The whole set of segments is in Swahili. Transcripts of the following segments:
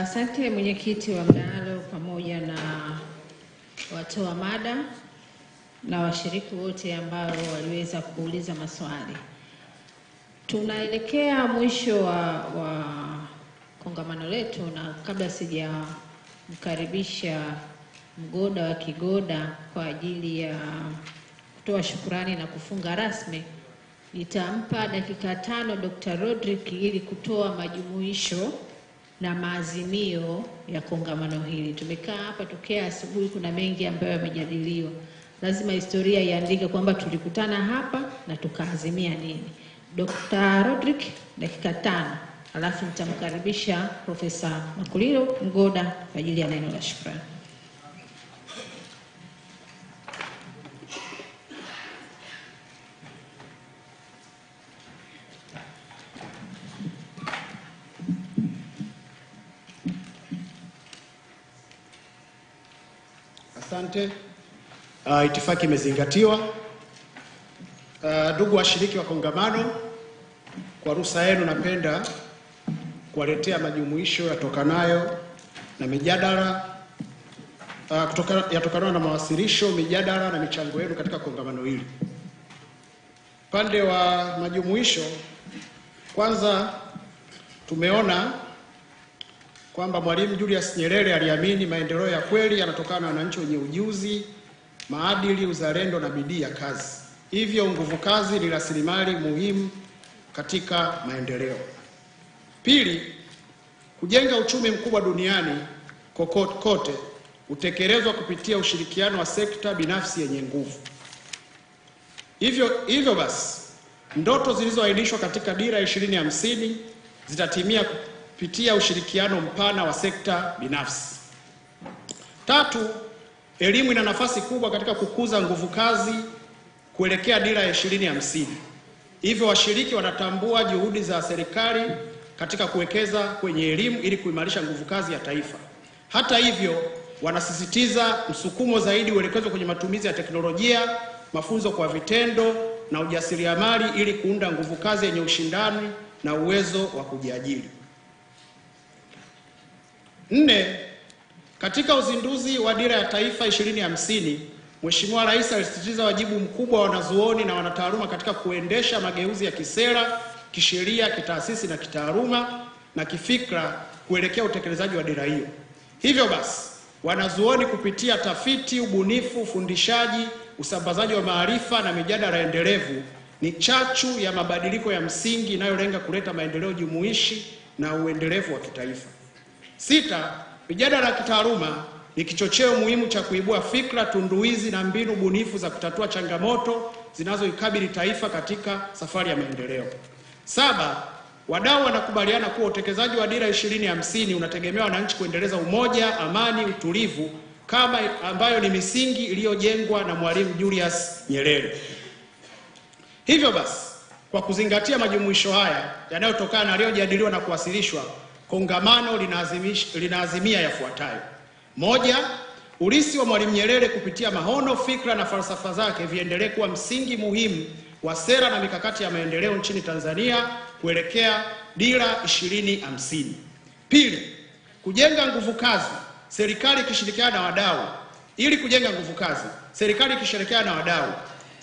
Asante mwenyekiti wa mdahalo pamoja na watoa mada na washiriki wote ambao waliweza kuuliza maswali. Tunaelekea mwisho wa, wa kongamano letu, na kabla sijamkaribisha mgoda wa kigoda kwa ajili ya kutoa shukurani na kufunga rasmi, nitampa dakika tano Dr. Rodrick ili kutoa majumuisho na maazimio ya kongamano hili. Tumekaa hapa tokea asubuhi, kuna mengi ambayo yamejadiliwa. Lazima historia iandike kwamba tulikutana hapa na tukaazimia nini. Dr. Rodrick, dakika tano, alafu nitamkaribisha Profesa makuliro ngoda kwa ajili ya neno la shukrani. Asante. Uh, itifaki imezingatiwa. Ah, ndugu washiriki wa kongamano, kwa ruhusa yenu napenda kuwaletea majumuisho yatokanayo na mijadala uh, kutoka, yatokanayo na mawasilisho, mijadala na michango yenu katika kongamano hili. Upande wa majumuisho, kwanza tumeona kwamba Mwalimu Julius Nyerere aliamini maendeleo ya kweli yanatokana na wananchi wenye ujuzi, maadili, uzalendo na bidii ya kazi. Hivyo nguvu kazi ni rasilimali muhimu katika maendeleo. Pili, kujenga uchumi mkubwa duniani kokote kote utekelezwa kupitia ushirikiano wa sekta binafsi yenye nguvu. Hivyo, hivyo basi ndoto zilizoainishwa katika Dira 2050 zitatimia kupitia ushirikiano mpana wa sekta binafsi. Tatu, elimu ina nafasi kubwa katika kukuza nguvu kazi kuelekea dira ya ishirini hamsini. Hivyo washiriki wanatambua juhudi za serikali katika kuwekeza kwenye elimu ili kuimarisha nguvu kazi ya taifa. Hata hivyo, wanasisitiza msukumo zaidi uelekezwe kwenye matumizi ya teknolojia, mafunzo kwa vitendo na ujasiriamali ili kuunda nguvu kazi yenye ushindani na uwezo wa kujiajiri. Nne, katika uzinduzi wa dira ya taifa 2050 Mheshimiwa Rais alisisitiza wajibu mkubwa wa wanazuoni na wanataaluma katika kuendesha mageuzi ya kisera, kisheria, kitaasisi na kitaaluma na kifikra kuelekea utekelezaji wa dira hiyo. Hivyo basi, wanazuoni kupitia tafiti, ubunifu, ufundishaji, usambazaji wa maarifa na mijadala endelevu ni chachu ya mabadiliko ya msingi inayolenga kuleta maendeleo jumuishi na uendelevu wa kitaifa. Sita, mijadala ya kitaaluma ni kichocheo muhimu cha kuibua fikra tunduizi na mbinu bunifu za kutatua changamoto zinazoikabili taifa katika safari ya maendeleo. Saba, wadau wanakubaliana kuwa utekelezaji wa Dira 2050 unategemea wananchi kuendeleza umoja, amani, utulivu kama ambayo ni misingi iliyojengwa na Mwalimu Julius Nyerere. Hivyo basi, kwa kuzingatia majumuisho haya yanayotokana na yaliyojadiliwa na kuwasilishwa kongamano linaazimia yafuatayo: moja, urithi wa Mwalimu Nyerere kupitia maono, fikra na falsafa zake viendelee kuwa msingi muhimu wa sera na mikakati ya maendeleo nchini Tanzania kuelekea Dira 2050. Pili, kujenga nguvu kazi serikali ikishirikiana na wadau ili kujenga nguvu kazi serikali ikishirikiana na wadau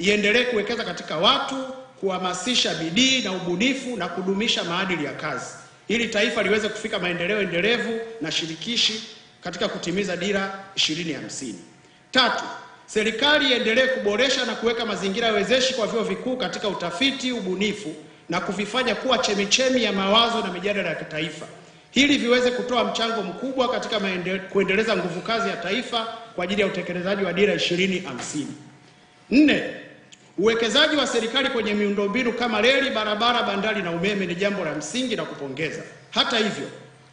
iendelee kuwekeza katika watu, kuhamasisha bidii na ubunifu na kudumisha maadili ya kazi ili taifa liweze kufika maendeleo endelevu na shirikishi katika kutimiza dira 2050. Tatu, serikali iendelee kuboresha na kuweka mazingira wezeshi kwa vyuo vikuu katika utafiti, ubunifu na kuvifanya kuwa chemichemi ya mawazo na mijadala ya kitaifa ili viweze kutoa mchango mkubwa katika maende, kuendeleza nguvu kazi ya taifa kwa ajili ya utekelezaji wa dira 2050. Nne, Uwekezaji wa serikali kwenye miundombinu kama reli, barabara, bandari na umeme ni jambo la msingi na kupongeza. Hata hivyo,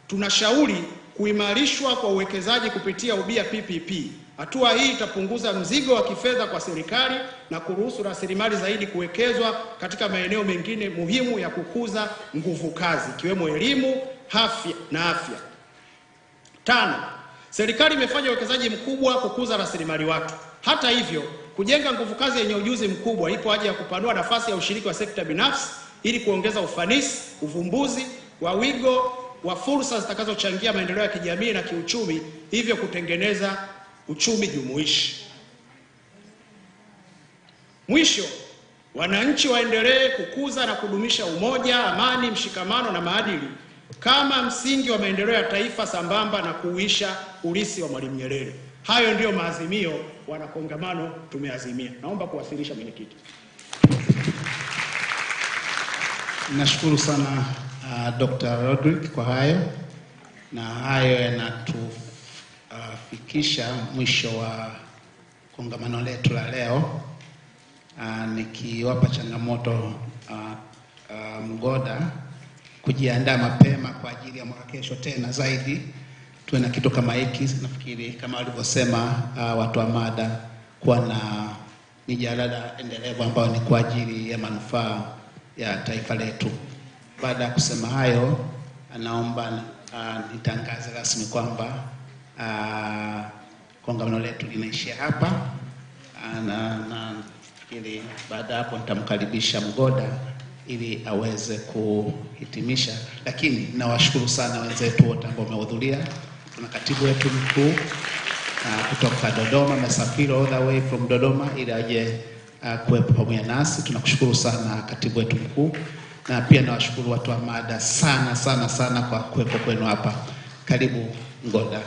tunashauri kuimarishwa kwa uwekezaji kupitia ubia PPP. Hatua hii itapunguza mzigo wa kifedha kwa serikali na kuruhusu rasilimali zaidi kuwekezwa katika maeneo mengine muhimu ya kukuza nguvu kazi ikiwemo elimu, afya na afya. Tano, serikali imefanya uwekezaji mkubwa kukuza rasilimali watu. Hata hivyo Kujenga nguvu kazi yenye ujuzi mkubwa, ipo haja ya kupanua nafasi ya ushiriki wa sekta binafsi ili kuongeza ufanisi, uvumbuzi wa wigo wa fursa zitakazochangia maendeleo ya kijamii na kiuchumi, hivyo kutengeneza uchumi jumuishi. Mwisho, wananchi waendelee kukuza na kudumisha umoja, amani, mshikamano na maadili kama msingi wa maendeleo ya taifa sambamba na kuuisha urithi wa Mwalimu Nyerere. Hayo ndiyo maazimio wana kongamano tumeazimia. Naomba kuwasilisha mwenyekiti. Nashukuru sana uh, Dr. Rodrick kwa hayo na hayo yanatufikisha uh, mwisho wa kongamano letu la leo. Uh, nikiwapa changamoto uh, uh, Mgoda kujiandaa mapema kwa ajili ya mwaka kesho tena zaidi tuwe na kitu kama hiki. Nafikiri kama walivyosema uh, watu wa mada kuwa na mijadala endelevu ambayo ni kwa ajili ya manufaa ya taifa letu. Baada ya kusema hayo, uh, naomba uh, nitangaze rasmi kwamba uh, kongamano letu linaishia hapa na, uh, na nafikiri baada ya hapo nitamkaribisha Mgoda ili aweze kuhitimisha, lakini nawashukuru sana wenzetu wote ambao wamehudhuria kuna katibu wetu mkuu uh, kutoka Dodoma amesafiri all the way from Dodoma ili aje uh, kuwepo pamoja nasi. Tunakushukuru sana katibu wetu mkuu, na pia nawashukuru watu wa mada sana sana sana kwa kuwepo kwenu hapa. Karibu Ngoda.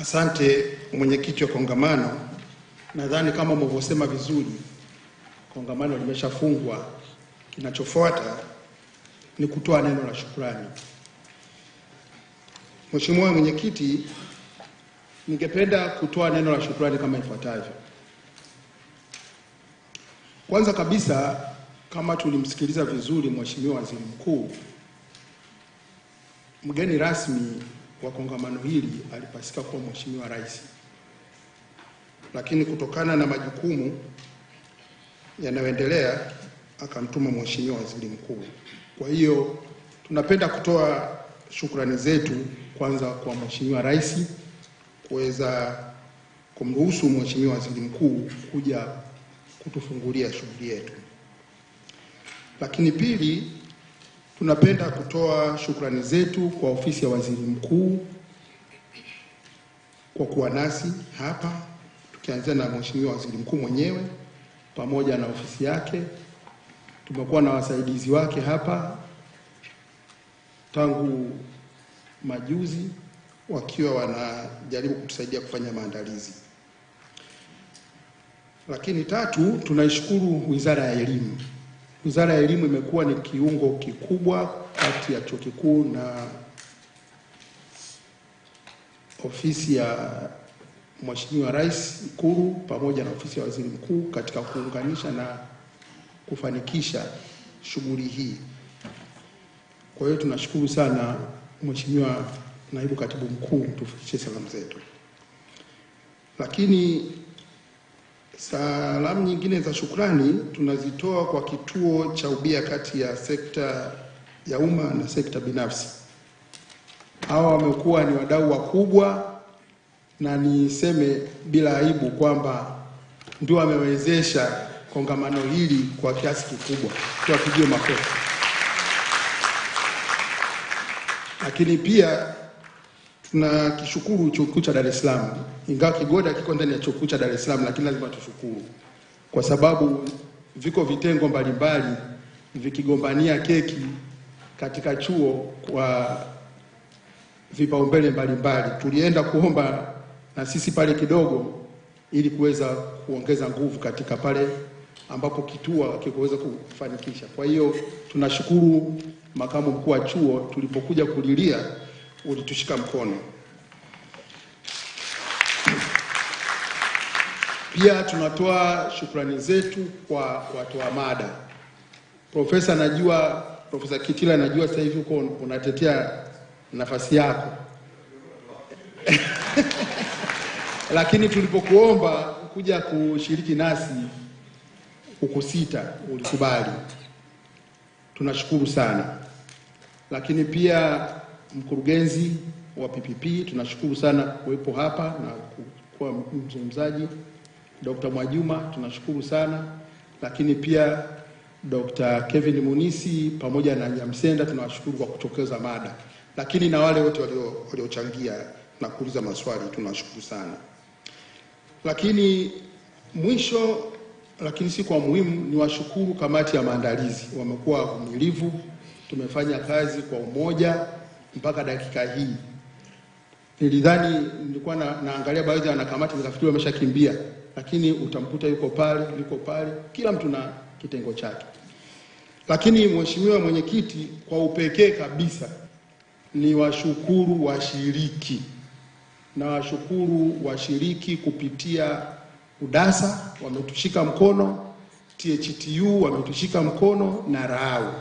Asante mwenyekiti wa kongamano. Nadhani kama mlivyosema vizuri, kongamano limeshafungwa. Kinachofuata ni kutoa neno la shukrani. Mheshimiwa Mwenyekiti, ningependa kutoa neno la shukrani kama ifuatavyo. Kwanza kabisa, kama tulimsikiliza vizuri Mheshimiwa Waziri Mkuu, mgeni rasmi wa kongamano hili alipasika kuwa Mheshimiwa Rais lakini kutokana na majukumu yanayoendelea akamtuma Mheshimiwa Waziri Mkuu. Kwa hiyo tunapenda kutoa shukrani zetu kwanza kwa Mheshimiwa Rais kuweza kumruhusu Mheshimiwa Waziri Mkuu kuja kutufungulia shughuli yetu. Lakini pili, tunapenda kutoa shukrani zetu kwa ofisi ya Waziri Mkuu kwa kuwa nasi hapa tukianzia na Mheshimiwa Waziri Mkuu mwenyewe pamoja na ofisi yake. Tumekuwa na wasaidizi wake hapa tangu majuzi wakiwa wanajaribu kutusaidia kufanya maandalizi. Lakini tatu, tunaishukuru Wizara ya Elimu. Wizara ya Elimu imekuwa ni kiungo kikubwa kati ya chuo kikuu na ofisi ya Mheshimiwa Rais, Ikulu pamoja na ofisi ya waziri mkuu katika kuunganisha na kufanikisha shughuli hii. Kwa hiyo tunashukuru sana Mheshimiwa Naibu Katibu Mkuu, tufikishe salamu zetu. Lakini salamu nyingine za shukrani tunazitoa kwa kituo cha ubia kati ya sekta ya umma na sekta binafsi. Hawa wamekuwa ni wadau wakubwa na niseme bila aibu kwamba ndio amewezesha kongamano hili kwa kiasi kikubwa, tuwapigie makofi. Lakini pia tunakishukuru chuo kikuu cha Dar es Salaam, ingawa Kigoda kiko ndani ya chuo kikuu cha Dar es Salaam, lakini lazima tushukuru kwa sababu viko vitengo mbalimbali vikigombania keki katika chuo kwa vipaumbele mbalimbali. Tulienda kuomba na sisi pale kidogo, ili kuweza kuongeza nguvu katika pale ambapo kituo kikuweza kufanikisha. Kwa hiyo tunashukuru makamu mkuu wa chuo, tulipokuja kulilia ulitushika mkono. Pia tunatoa shukrani zetu kwa watoa mada. Profesa, najua Profesa Kitila, najua sasa hivi uko unatetea nafasi yako lakini tulipokuomba kuja kushiriki nasi ukusita, ulikubali. Tunashukuru sana, lakini pia mkurugenzi wa PPP tunashukuru sana kuwepo hapa na kuwa mzungumzaji. Dr. Mwajuma tunashukuru sana, lakini pia Dr. Kevin Munisi pamoja na Nyamsenda tunawashukuru kwa kutokeza mada, lakini na wale wote waliochangia na kuuliza maswali tunawashukuru sana. Lakini mwisho lakini si kwa muhimu, ni washukuru kamati ya maandalizi, wamekuwa vumilivu. Tumefanya kazi kwa umoja mpaka dakika hii. Nilidhani nilikuwa na, naangalia baadhi ya wanakamati nikafikiri wameshakimbia, lakini utamkuta yuko pale, yuko pale, kila mtu na kitengo chake. Lakini mheshimiwa mwenyekiti, kwa upekee kabisa ni washukuru washiriki Nawashukuru washiriki kupitia UDASA wametushika mkono, THTU wametushika mkono na RAU.